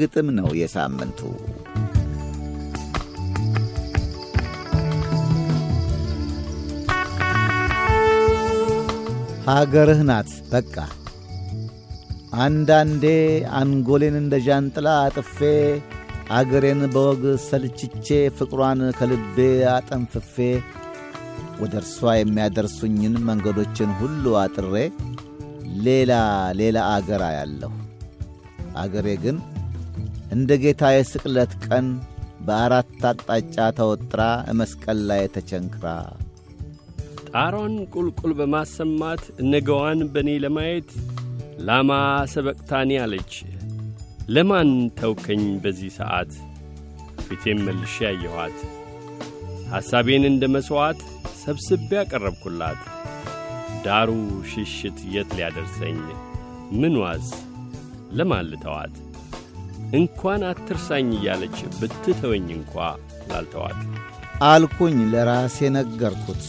ግጥም ነው የሳምንቱ። ሀገርህ ናት በቃ አንዳንዴ አንጎሌን እንደ ዣንጥላ አጥፌ አገሬን በወግ ሰልችቼ ፍቅሯን ከልቤ አጠንፍፌ ወደ እርሷ የሚያደርሱኝን መንገዶችን ሁሉ አጥሬ ሌላ ሌላ አገር አያለሁ። አገሬ ግን እንደ ጌታ የስቅለት ቀን በአራት አቅጣጫ ተወጥራ መስቀል ላይ ተቸንክራ ጣሯን ቁልቁል በማሰማት ነገዋን በእኔ ለማየት ላማ ሰበቅታኒ አለች። ለማን ተውከኝ በዚህ ሰዓት? ፊቴም መልሼ ያየኋት ሐሳቤን እንደ መሥዋዕት ሰብስቤ ያቀረብኩላት ዳሩ ሽሽት የት ሊያደርሰኝ? ምን ዋዝ ለማን ልተዋት? እንኳን አትርሳኝ እያለች ብትተወኝ እንኳ ላልተዋት አልኩኝ ለራሴ ነገርኩት።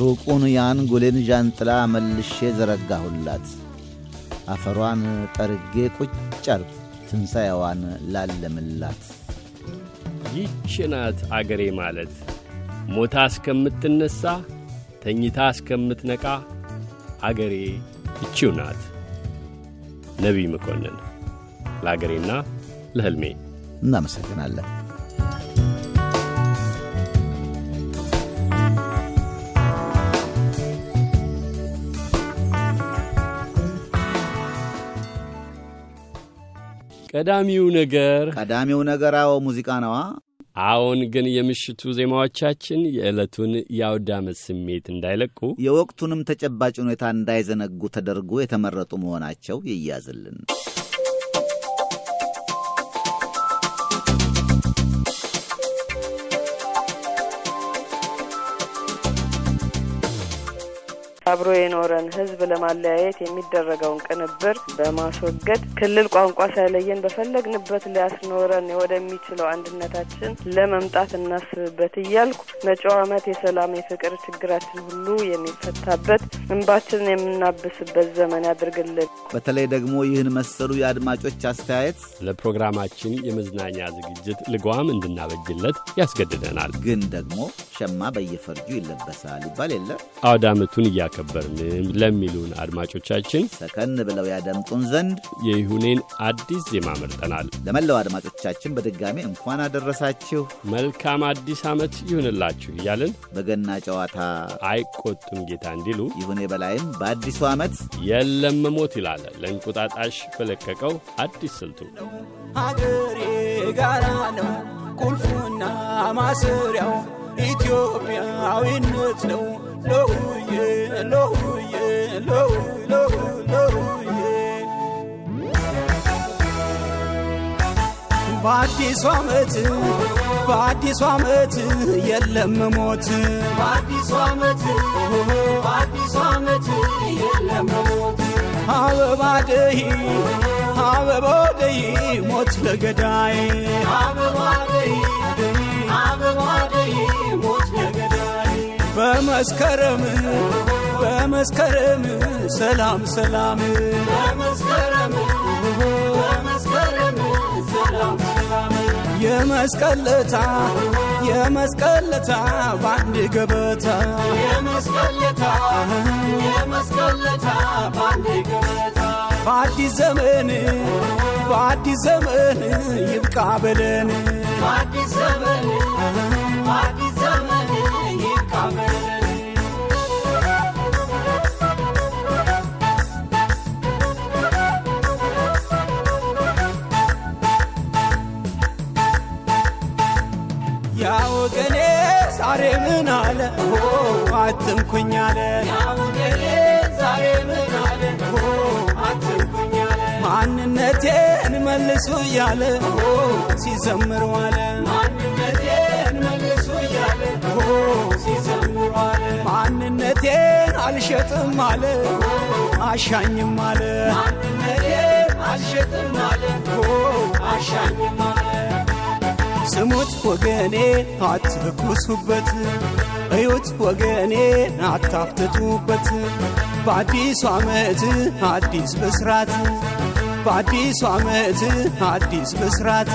ሩቁን ጉሌን ዣንጥላ መልሼ ዘረጋሁላት። አፈሯን ጠርጌ ቁጫር ትንሣኤዋን ላለምላት። ይች ናት አገሬ ማለት ሞታ እስከምትነሣ ተኝታ እስከምትነቃ አገሬ እቺው ናት። ነቢይ መኮንን ለአገሬና ለህልሜ እናመሰግናለን። ቀዳሚው ነገር ቀዳሚው ነገር አዎ ሙዚቃ ነዋ። አዎን፣ ግን የምሽቱ ዜማዎቻችን የዕለቱን የአውደ ዓመት ስሜት እንዳይለቁ የወቅቱንም ተጨባጭ ሁኔታ እንዳይዘነጉ ተደርጎ የተመረጡ መሆናቸው ይያዝልን። አብሮ የኖረን ህዝብ ለማለያየት የሚደረገውን ቅንብር በማስወገድ ክልል ቋንቋ ሳይለየን በፈለግንበት ሊያስኖረን ወደሚችለው አንድነታችን ለመምጣት እናስብበት እያልኩ መጪው ዓመት የሰላም የፍቅር ችግራችን ሁሉ የሚፈታበት እንባችን የምናብስበት ዘመን ያድርግልን። በተለይ ደግሞ ይህን መሰሉ የአድማጮች አስተያየት ለፕሮግራማችን የመዝናኛ ዝግጅት ልጓም እንድናበጅለት ያስገድደናል። ግን ደግሞ ሸማ በየፈርጁ ይለበሳል ይባል የለ አውደ ዓመቱን እያከ አላከበርንም ለሚሉን አድማጮቻችን ሰከን ብለው ያደምጡን ዘንድ የይሁኔን አዲስ ዜማ መርጠናል። ለመላው አድማጮቻችን በድጋሚ እንኳን አደረሳችሁ፣ መልካም አዲስ ዓመት ይሁንላችሁ እያልን በገና ጨዋታ አይቆጡም ጌታ እንዲሉ ይሁኔ በላይም በአዲሱ ዓመት የለም ሞት ይላለ ለእንቁጣጣሽ በለቀቀው አዲስ ስልቱ ሀገሬ ጋራ ነው ቁልፉና ማሰሪያው ኢትዮጵያዊነት ነው። በአዲሱ ዓመት በአዲሱ ዓመት የለም ሞት አበባ ደሂ አበባ ደሂ ሞት ለገዳይ አበባ ደሂ አበባ ደሂ ሞት በመስከረም በመስከረም ሰላም ሰላም በመስከረም በመስከረም ሰላም ሰላም የመስቀለታ የመስቀለታ ባንድ ገበታ የመስቀለታ የመስቀለታ ባንድ ገበታ በአዲስ ዘመን በአዲስ ዘመን ይብቃ በለን በአዲስ ዘመን ያወገኔ ዛሬ ምን አለ አትንኩኝ አለ ዛሬ ምን አለ አትንኩኝ አለ ማንነቴን መልሱ እያለ ሲዘምር ዋለ አልሸጥም አለ አሻኝም አለ አልሸጥም አለ አሻኝም አለ ስሙት ወገኔ አትኩሱበት፣ እዩት ወገኔ አታፍትቱበት። በአዲሱ ዓመት አዲስ ብስራት፣ በአዲሱ ዓመት አዲስ ብስራት